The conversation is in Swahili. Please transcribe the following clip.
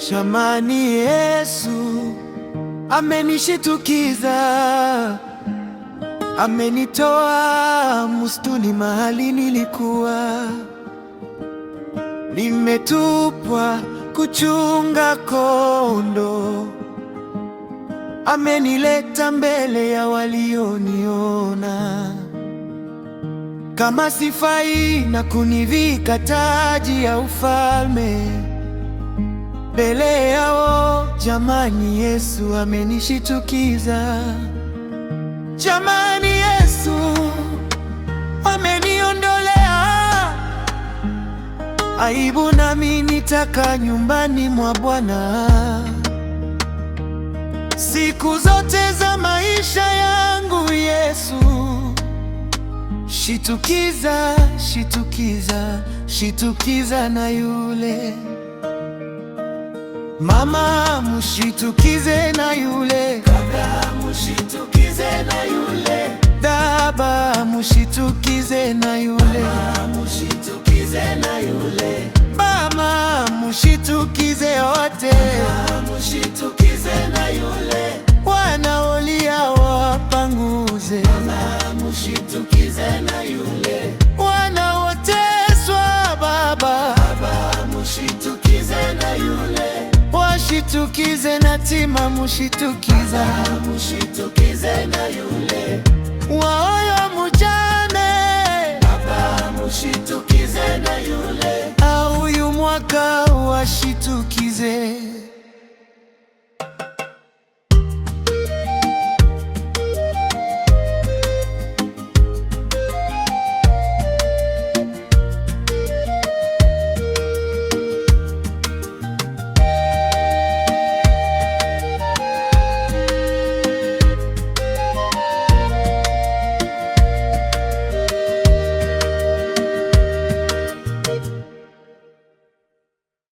Shamani, Yesu amenishitukiza, amenitoa mustuni mahali nilikuwa nimetupwa kuchunga kondo amenileta mbele ya walioniona kama sifai na kunivika taji ya ufalme mbele yao. Jamani, Yesu amenishitukiza, jamani, Yesu ameniondolea aibu, nami nitaka nyumbani mwa Bwana siku zote za maisha yangu. Yesu shitukiza, shitukiza, shitukiza na yule Mama mushitukize na yule, kaka mushitukize na yule, daba mushitukize na yule, mama mushitukize na yule, bama mushitukize wote. Mushitukize na tima, mushitukiza mushitukize na yule waoyo mujane, baba mushitukize na yule au yu mwaka washitukiza